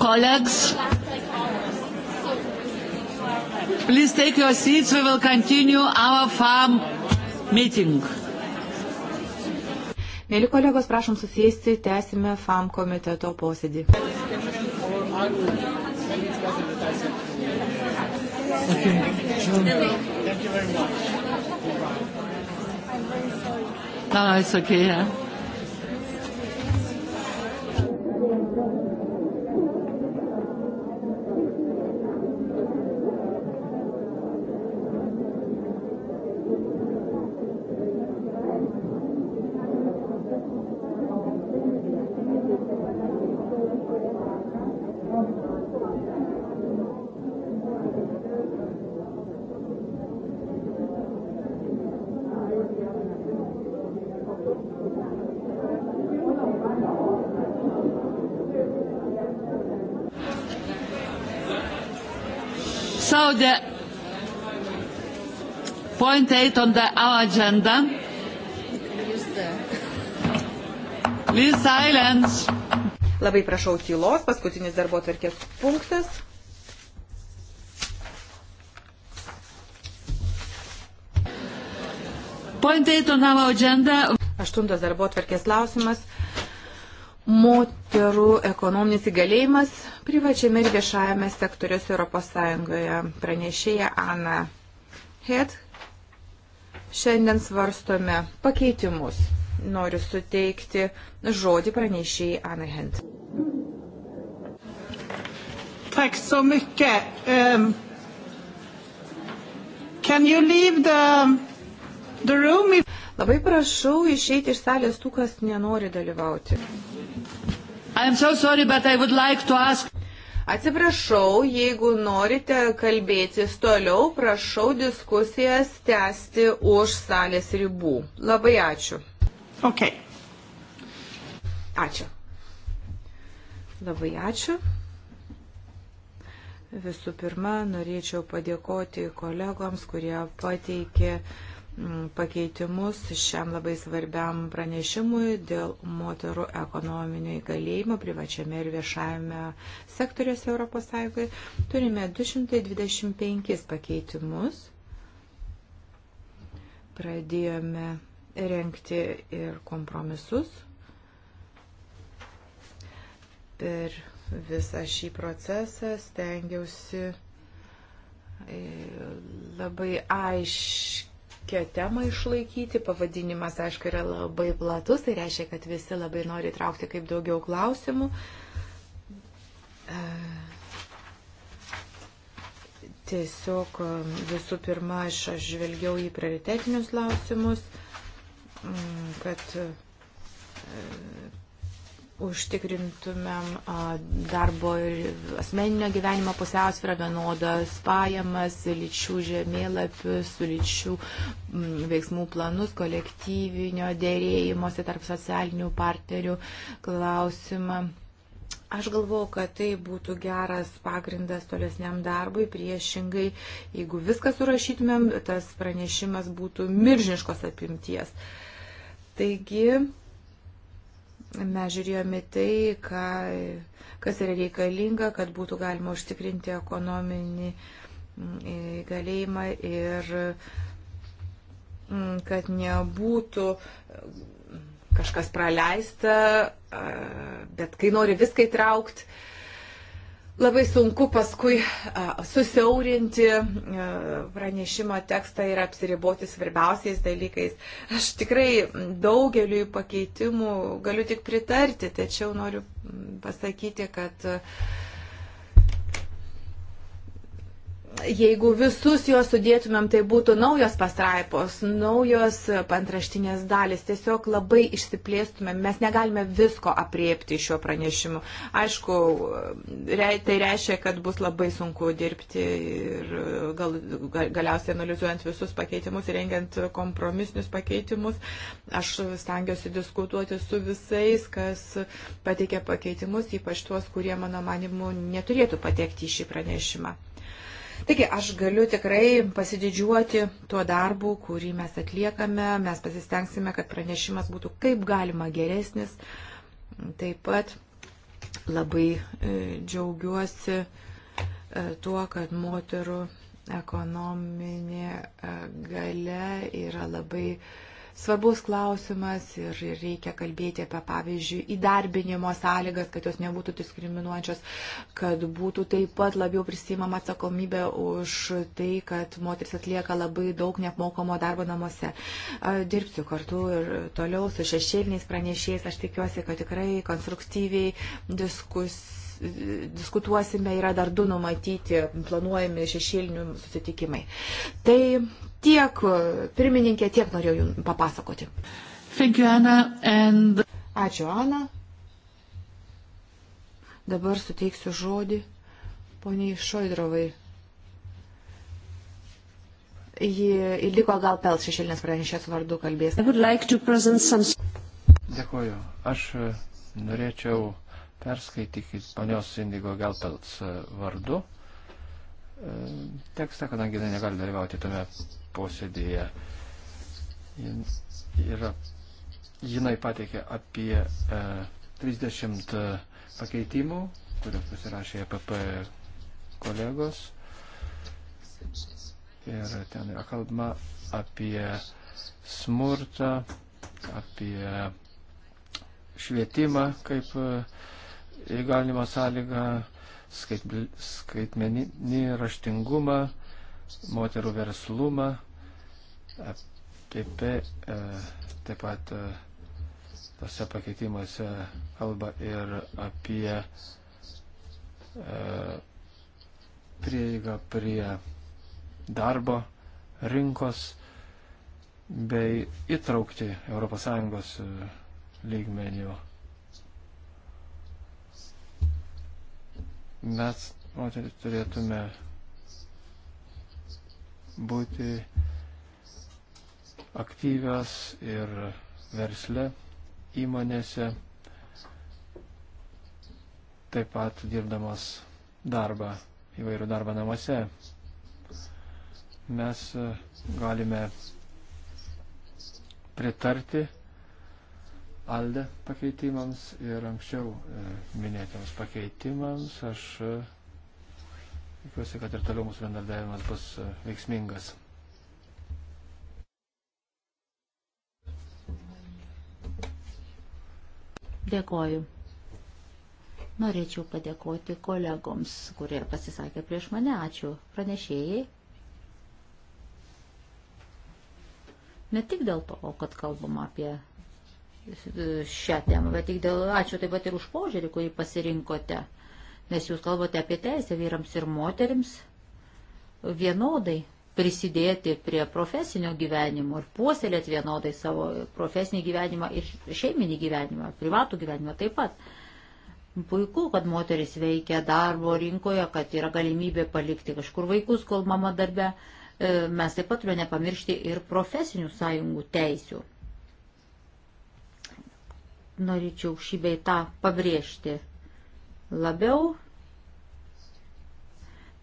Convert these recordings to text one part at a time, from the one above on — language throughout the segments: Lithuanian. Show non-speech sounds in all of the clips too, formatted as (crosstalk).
Colleagues, please take your seats. We will continue our farm meeting. Mėly kolegos, prašom susėsti, tęsime FAM komiteto posėdį. Okay. Sure. No, it's okay, yeah. the point eight on the, our agenda. Please silence. Labai prašau tylos, paskutinis darbo tvarkės punktas. Point eight on our agenda. Aštuntas darbo tvarkės klausimas moterų ekonominis įgalėjimas privačiame ir viešajame sektoriuose Europos Sąjungoje. Pranešėja Ana Het. Šiandien svarstome pakeitimus. Noriu suteikti žodį pranešėjai Ana Het. Tack så mycket. Um, can you leave the, the room? If... Labai prašau išeiti iš salės tų, kas nenori dalyvauti. So sorry, like ask... Atsiprašau, jeigu norite kalbėtis toliau, prašau diskusijas tęsti už salės ribų. Labai ačiū. Okay. Ačiū. Labai ačiū. Visų pirma, norėčiau padėkoti kolegoms, kurie pateikė uh, Mm, pakeitimus šiam labai svarbiam pranešimui dėl moterų ekonominio įgalėjimo privačiame ir viešajame sektoriuose ES. Turime 225 pakeitimus. Pradėjome renkti ir kompromisus. Per visą šį procesą stengiausi e, labai aiškiai tokią temą išlaikyti. Pavadinimas, aišku, yra labai platus, tai reiškia, kad visi labai nori traukti kaip daugiau klausimų. E, tiesiog e, visų pirma, aš, aš žvelgiau į prioritetinius klausimus, kad e, užtikrintumėm darbo ir asmeninio gyvenimo pusiausvyrą, vienodas pajamas, lyčių žemėlapius, lyčių veiksmų planus, kolektyvinio dėrėjimuose tarp socialinių partnerių klausimą. Aš galvoju, kad tai būtų geras pagrindas tolesniam darbui. Priešingai, jeigu viską surašytumėm, tas pranešimas būtų miržiniškos apimties. Taigi, Mes žiūrėjome tai, ką, kas yra reikalinga, kad būtų galima užtikrinti ekonominį mm, galėjimą ir mm, kad nebūtų mm, kažkas praleista, bet kai nori viską įtraukti, labai sunku paskui susiaurinti pranešimo tekstą ir apsiriboti svarbiausiais dalykais. Aš tikrai daugeliu pakeitimų galiu tik pritarti, tačiau noriu pasakyti, kad uh, jeigu visus juos sudėtumėm, tai būtų naujos pastraipos, naujos pantraštinės dalis. Tiesiog labai išsiplėstumėm. Mes negalime visko apriepti šiuo pranešimu. Aišku, tai reiškia, kad bus labai sunku dirbti ir gal, galiausiai analizuojant visus pakeitimus ir rengiant kompromisinius pakeitimus. Aš stengiuosi diskutuoti su visais, kas pateikė pakeitimus, ypač tuos, kurie, mano manimu, neturėtų patekti į šį pranešimą. Taigi aš galiu tikrai pasididžiuoti tuo darbu, kurį mes atliekame. Mes pasistengsime, kad pranešimas būtų kaip galima geresnis. Taip pat labai e, džiaugiuosi e, tuo, kad moterų ekonominė e, gale yra labai uh, svarbus klausimas ir reikia kalbėti apie, pavyzdžiui, įdarbinimo sąlygas, kad jos nebūtų diskriminuojančios, kad būtų taip pat labiau prisimama atsakomybė už tai, kad moteris atlieka labai daug neapmokamo darbo namuose. Dirbsiu kartu ir toliau su šešėliniais pranešėjais. Aš tikiuosi, kad tikrai konstruktyviai diskusijai diskutuosime, yra dar du numatyti, planuojami šešėlinių susitikimai. Tai tiek, pirmininkė, tiek norėjau jums papasakoti. Thank you, Anna, and... Ačiū, Ana. Dabar suteiksiu žodį poniai Šoidrovai. Ji liko gal pel šešėlinės pranešės vardu kalbės. Like some... Dėkuoju. Aš norėčiau perskaitykit ponios Indigo Gelpelts e, vardu e, tekstą, kadangi jinai negali dalyvauti tame posėdėje. Yra, jinai pateikė apie e, 30 e, pakeitimų, kuriuos pasirašė EPP kolegos. Ir ten yra kalbama apie smurtą, apie švietimą kaip įgalinimo sąlygą, skaitmeninį raštingumą, moterų verslumą, taip, e, taip pat e, tose pakeitimuose kalba ir apie e, prieigą prie darbo rinkos bei įtraukti ES lygmenių mes moteris turėtume būti aktyvios ir versle įmonėse, taip pat dirbdamas darbą, įvairių darbą namuose. Mes e, galime pritarti Alde pakeitimams ir anksčiau e, minėtiems pakeitimams. Aš e, tikiuosi, kad ir toliau mūsų bendradavimas bus e, veiksmingas. Dėkoju. Norėčiau padėkoti kolegoms, kurie pasisakė prieš mane. Ačiū pranešėjai. Ne tik dėl to, kad kalbama apie šią temą, bet tik dėl ačiū taip pat ir už požiūrį, kurį pasirinkote, nes jūs kalbate apie teisę vyrams ir moterims vienodai prisidėti prie profesinio gyvenimo ir puoselėti vienodai savo profesinį gyvenimą ir šeiminį gyvenimą, privatų gyvenimą taip pat. Puiku, kad moteris veikia darbo rinkoje, kad yra galimybė palikti kažkur vaikus, kol mama darbe. E, mes taip pat turime nepamiršti ir profesinių sąjungų teisių norėčiau šį beitą pabrėžti labiau.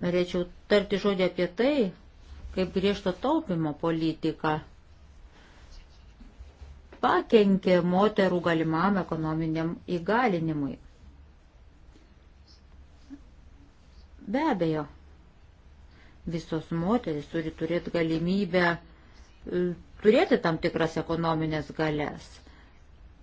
Norėčiau tarti žodį apie tai, kaip griežto taupimo politika pakenkė moterų galimam ekonominiam įgalinimui. Be abejo, visos moteris turi turėti galimybę e, turėti tam tikras ekonominės galės.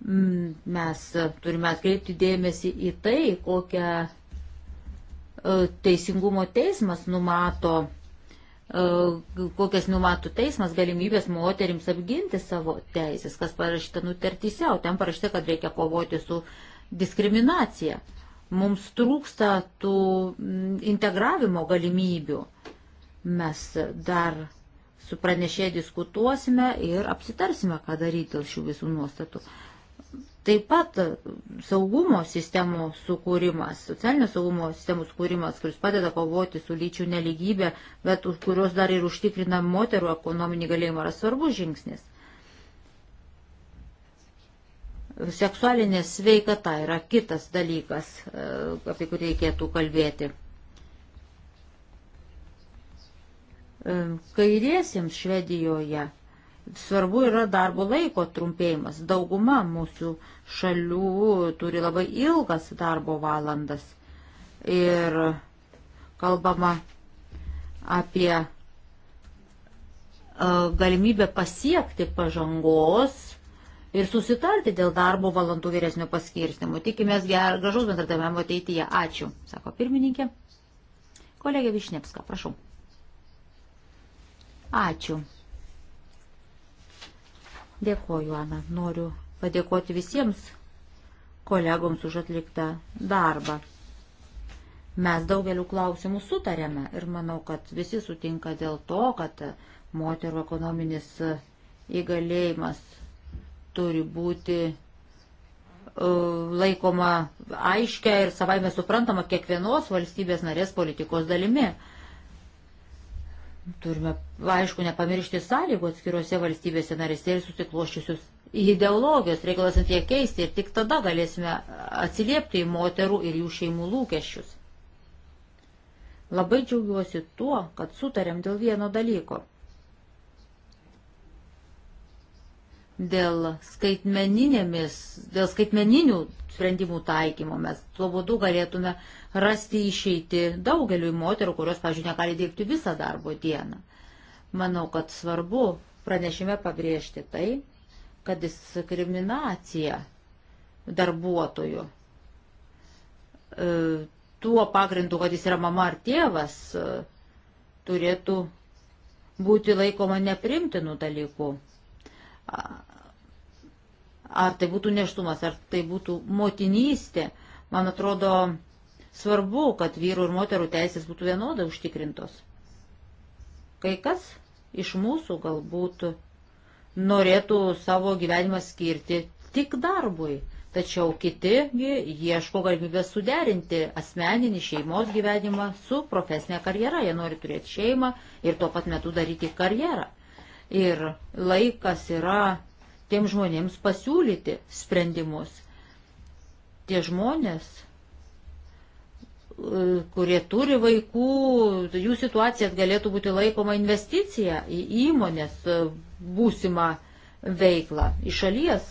Mm, mes turime atkreipti dėmesį į tai, kokią e, teisingumo teismas numato, e, kokias numato teismas galimybės moterims apginti savo teisės, kas parašyta nutartyse, o ten parašyta, kad reikia kovoti su diskriminacija. Mums trūksta tų mm, integravimo galimybių. Mes dar su pranešė diskutuosime ir apsitarsime, ką daryti dėl šių visų nuostatų. Taip pat e, saugumo sistemų sukūrimas, socialinio saugumo sistemų sukūrimas, kuris padeda kovoti su lyčių neligybė, bet už kurios dar ir užtikrina moterų ekonominį galėjimą, yra svarbus žingsnis. Seksualinė sveikata yra kitas dalykas, e, apie kurį reikėtų kalbėti. E, kairiesiems Švedijoje Svarbu yra darbo laiko trumpėjimas. Dauguma mūsų šalių turi labai ilgas darbo valandas. Ir kalbama apie e, galimybę pasiekti pažangos ir susitarti dėl darbo valandų vyresnio paskirstimo. Tikimės ger, gražaus bendradarbiavimo ateityje. Ačiū, sako pirmininkė. Kolegė Višnevska, prašau. Ačiū. Dėkoju, Ana. Noriu padėkoti visiems kolegoms už atliktą darbą. Mes daugeliu klausimų sutarėme ir manau, kad visi sutinka dėl to, kad moterų ekonominis įgalėjimas turi būti e, laikoma aiškia ir savaime suprantama kiekvienos valstybės narės politikos dalimi turime, aišku, nepamiršti sąlygų atskiruose valstybėse narėse ir susikloščiusius ideologijos, reikalas ant jie keisti ir tik tada galėsime atsiliepti į moterų ir jų šeimų lūkesčius. Labai džiaugiuosi tuo, kad sutarėm dėl vieno dalyko. dėl, dėl skaitmeninių sprendimų taikymo. Mes tuo būdu galėtume rasti išeiti daugeliu moterų, kurios, pažiūrėjau, negali dirbti visą darbo dieną. Manau, kad svarbu pranešime pabrėžti tai, kad diskriminacija darbuotojų e, tuo pagrindu, kad jis yra mama ar tėvas, e, turėtų būti laikoma neprimtinų dalykų ar tai būtų neštumas, ar tai būtų motinystė, man atrodo svarbu, kad vyrų ir moterų teisės būtų vienodai užtikrintos. Kai kas iš mūsų galbūt norėtų savo gyvenimą skirti tik darbui, tačiau kiti ieško galimybės suderinti asmeninį šeimos gyvenimą su profesinė karjera. Jie nori turėti šeimą ir tuo pat metu daryti karjerą. Ir laikas yra tiem žmonėms pasiūlyti sprendimus. Tie žmonės, e, kurie turi vaikų, jų situacijas galėtų būti laikoma investicija į įmonės e, būsimą veiklą, į šalies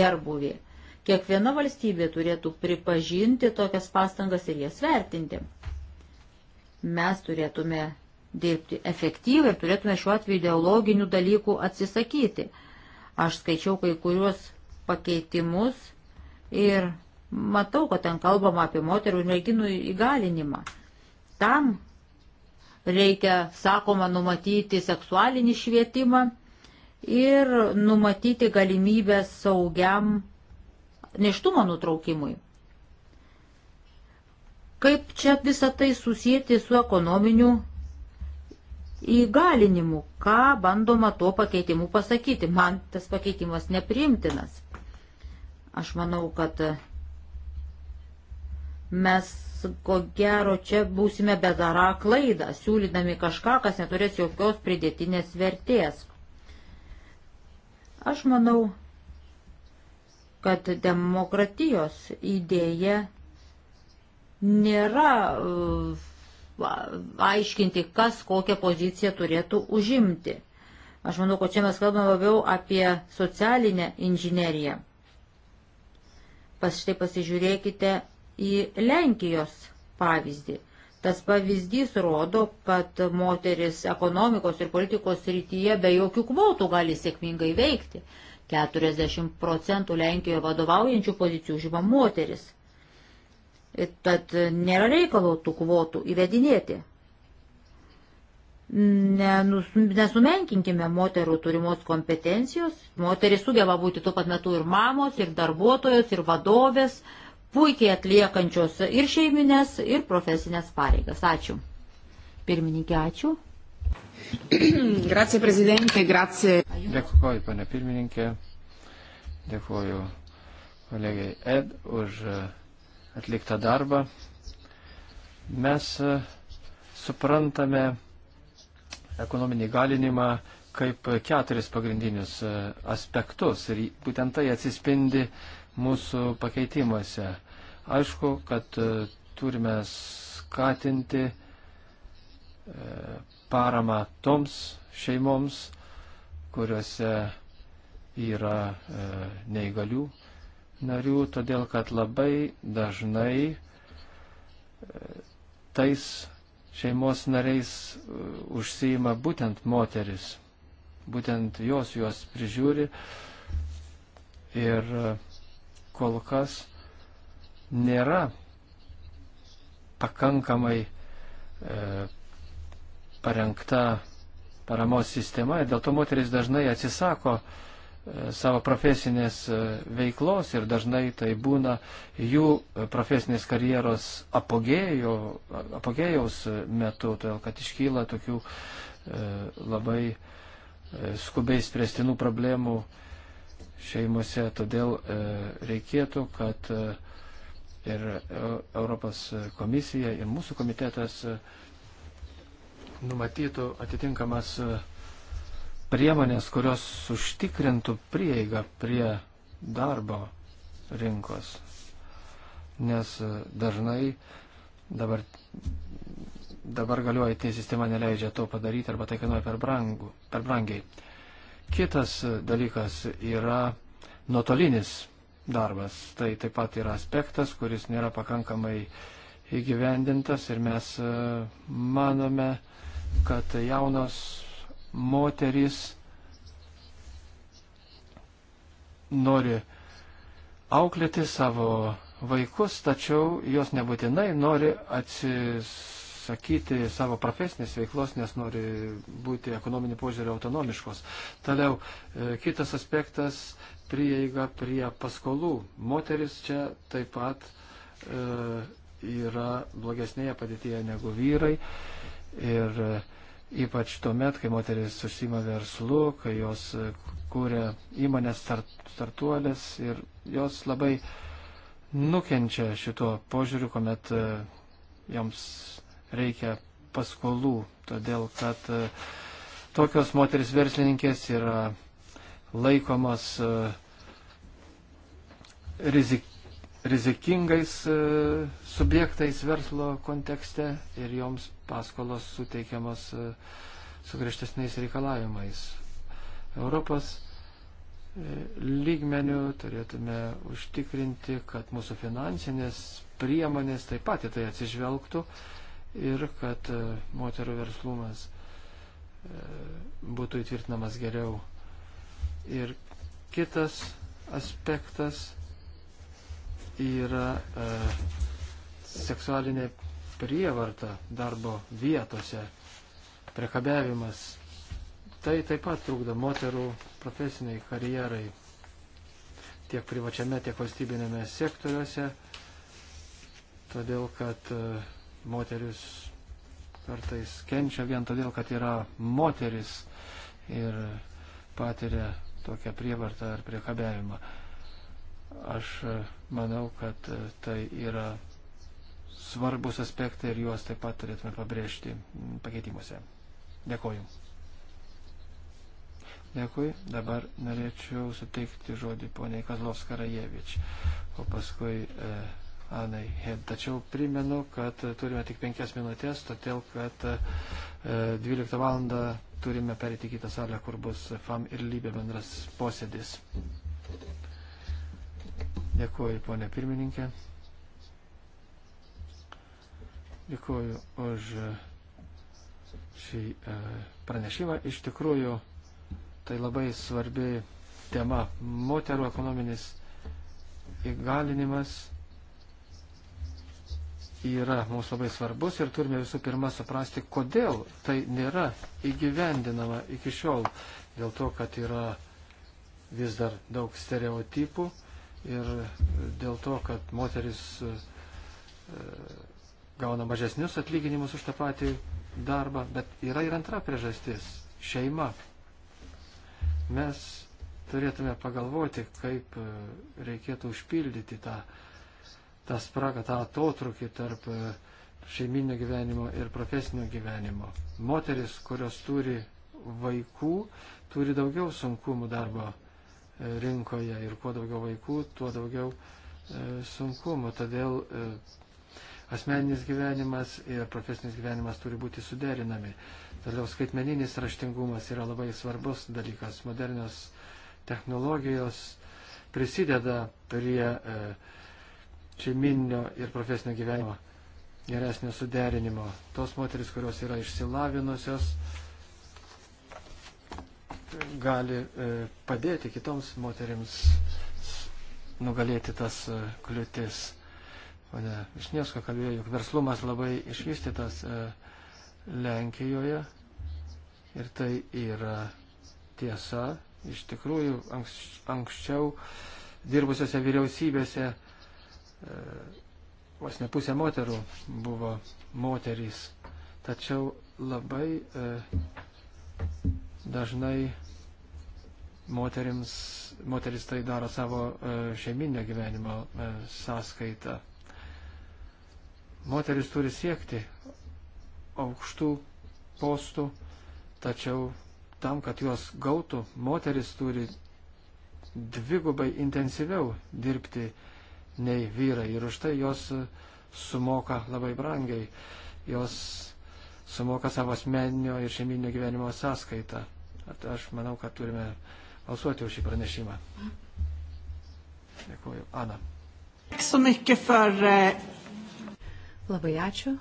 gerbuvį. Kiekviena valstybė turėtų pripažinti tokias pastangas ir jas vertinti. Mes turėtume dirbti efektyviai ir turėtume šiuo atveju ideologinių dalykų atsisakyti. Aš skaičiau kai kuriuos pakeitimus ir matau, kad ten kalbama apie moterų ir merginų įgalinimą. Tam reikia, sakoma, numatyti seksualinį švietimą ir numatyti galimybę saugiam neštumo nutraukimui. Kaip čia visą tai susijęti su ekonominiu įgalinimu, ką bandoma tuo pakeitimu pasakyti. Man tas pakeitimas nepriimtinas. Aš manau, kad mes ko gero čia būsime bedarą klaidą, siūlydami kažką, kas neturės jokios pridėtinės vertės. Aš manau, kad demokratijos idėja nėra uh, aiškinti, kas kokią poziciją turėtų užimti. Aš manau, kad čia mes kalbame labiau apie socialinę inžineriją. Pas štai pasižiūrėkite į Lenkijos pavyzdį. Tas pavyzdys rodo, kad moteris ekonomikos ir politikos rytyje be jokių kvotų gali sėkmingai veikti. 40 procentų Lenkijoje vadovaujančių pozicijų užima moteris. Tad nėra reikalo tų kvotų įvedinėti. Nenus, nesumenkinkime moterų turimos kompetencijos. Moteris sugeba būti tuo pat metu ir mamos, ir darbuotojos, ir vadovės, puikiai atliekančios ir šeiminės, ir profesinės pareigas. Ačiū. Pirmininkė, ačiū. (clears throat) grazie, prezidentė, grazie. Dėkuoju, pane pirmininkė. Dėkuoju kolegai Ed už. Uh, atliktą darbą. Mes e, suprantame ekonominį galinimą kaip keturis pagrindinius e, aspektus ir būtent tai atsispindi mūsų pakeitimuose. Aišku, kad e, turime skatinti paramą toms šeimoms, kuriuose yra neįgalių narių, todėl kad labai dažnai e, tais šeimos nariais e, užsijima būtent moteris, būtent jos juos prižiūri ir e, kol kas nėra pakankamai e, parengta paramos sistema ir dėl to moteris dažnai atsisako e, savo profesinės e, veiklos ir dažnai tai būna jų profesinės karjeros apogėjo, apogėjaus metu, todėl kad iškyla tokių e, labai e, skubiai spręstinų problemų šeimose. Todėl reikėtų, kad ir Europos komisija, ir mūsų komitetas numatytų atitinkamas uh, priemonės, kurios užtikrintų prieigą prie darbo rinkos. Nes e, dažnai dabar, dabar galiojanti sistema neleidžia to padaryti arba tai kainuoja per, brangu, per brangiai. Kitas e, dalykas yra nuotolinis darbas. Tai taip pat yra aspektas, kuris nėra pakankamai įgyvendintas ir mes e, manome, kad jaunos moteris nori auklėti savo vaikus, tačiau jos nebūtinai nori atsisakyti savo profesinės veiklos, nes nori būti ekonominių požiūrį autonomiškos. Toliau e, kitas aspektas - prieiga prie paskolų. Moteris čia taip pat e, yra blogesnėje padėtyje negu vyrai. Ir e, ypač tuo met, kai moteris užsima verslu, kai jos e, kūrė įmonės start, startuolės ir jos labai nukenčia šituo požiūriu, kuomet e, joms reikia paskolų, todėl kad e, tokios moteris verslininkės yra laikomos rizik, rizikingais e, subjektais verslo kontekste ir joms paskolos suteikiamos e, su griežtesniais reikalavimais. Europos e, lygmenių turėtume užtikrinti, kad mūsų finansinės priemonės taip pat į tai atsižvelgtų ir kad moterų verslumas būtų įtvirtinamas geriau. Ir kitas aspektas yra e, seksualinė prievarta darbo vietose, prekabiavimas. Tai taip pat trukdo moterų profesiniai karjerai tiek privačiame, tiek valstybinėme sektoriuose, todėl kad e, moteris kartais kenčia vien todėl, kad yra moteris ir patiria tokią prievartą ar priekabiavimą. Aš e, manau, kad e, tai yra svarbus aspektai ir juos taip pat turėtume pabrėžti pakeitimuose. Dėkoju. Dėkui. Dabar norėčiau suteikti žodį poniai Kazlovskarajevič, o paskui e, Anai Hed. Tačiau primenu, kad e, turime tik penkias minutės, todėl kad e, 12 valandą turime perėti kitą salę, kur bus FAM ir Lybė bendras posėdis. Dėkuoju, ponė pirmininkė. Dėkuoju už šį e, pranešimą. Iš tikrųjų, tai labai svarbi tema. Moterų ekonominis įgalinimas yra mums labai svarbus ir turime visų pirma suprasti, kodėl tai nėra įgyvendinama iki šiol. Dėl to, kad yra vis dar daug stereotipų ir dėl to, kad moteris e, gauna mažesnius atlyginimus už tą patį darbą, bet yra ir antra priežastis - šeima. Mes turėtume pagalvoti, kaip e, reikėtų užpildyti tą, tą spragą, tą atotrukį tarp e, šeiminio gyvenimo ir profesinio gyvenimo. Moteris, kurios turi vaikų, turi daugiau sunkumų darbo rinkoje ir kuo daugiau vaikų, tuo daugiau e, sunkumų. Todėl e, asmeninis gyvenimas ir profesinis gyvenimas turi būti suderinami. Toliau skaitmeninis raštingumas yra labai svarbus dalykas. Modernios technologijos prisideda prie e, šeiminio ir profesinio gyvenimo geresnio suderinimo. Tos moteris, kurios yra išsilavinusios, gali e, padėti kitoms moteriams nugalėti tas e, kliūtis. Pane Višniesko kalbėjo, jog verslumas labai išvystytas e, Lenkijoje ir tai yra tiesa. Iš tikrųjų, anks, anksčiau dirbusiose vyriausybėse vos ne pusė moterų buvo moterys. Tačiau labai e, Dažnai moterims, moteris tai daro savo e, šeiminio gyvenimo e, sąskaitą. Moteris turi siekti aukštų postų, tačiau tam, kad juos gautų, moteris turi dvigubai intensyviau dirbti nei vyrai. Ir už tai jos sumoka labai brangiai. Jos sumoka savo asmeninio ir šeiminio gyvenimo sąskaitą. At aš manau, kad turime balsuoti už šį pranešimą. Dėkuoju. Ana. Eh, Labai ačiū.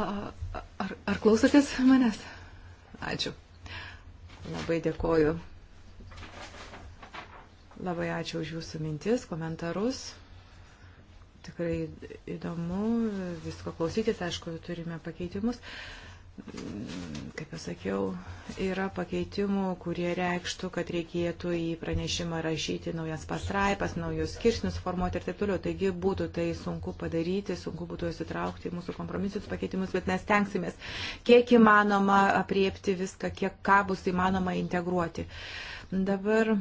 Ar, ar klausotės manęs? Ačiū. Labai dėkoju. Labai ačiū už jūsų mintis, komentarus. Tikrai įdomu visko klausytis, aišku, turime pakeitimus. Uh, kaip jau sakiau, yra pakeitimų, kurie reikštų, kad reikėtų į pranešimą rašyti naujas pastraipas, naujus kiršnius formuoti ir taip toliau. Taigi būtų tai sunku padaryti, sunku būtų įsitraukti į mūsų kompromisinius pakeitimus, bet mes tenksimės, kiek įmanoma apriepti viską, kiek ką bus įmanoma integruoti. Dabar,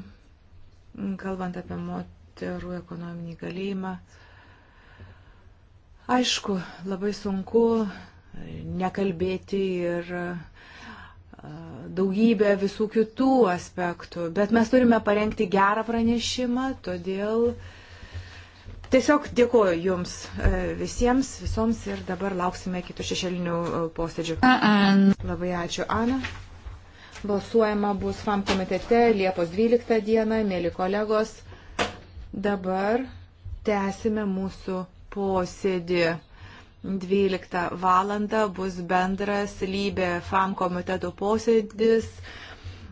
kalbant apie moterų ekonominį galėjimą, aišku, labai sunku nekalbėti ir daugybę visų kitų aspektų. Bet mes turime parengti gerą pranešimą, todėl tiesiog dėkoju Jums e, visiems, visoms ir dabar lauksime kitų šešėlinių e, posėdžių. Labai ačiū, Ana. Balsuojama bus FAM komitete Liepos 12 dieną, mėly kolegos. Dabar tęsime mūsų posėdį. 12 val. bus bendras lybė FAM komiteto posėdis.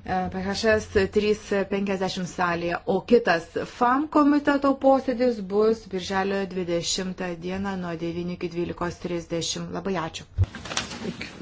E, PHS 350 salėje, o kitas FAM komiteto posėdis bus birželio 20 dieną nuo 9 iki 12.30. Labai ačiū. Iki.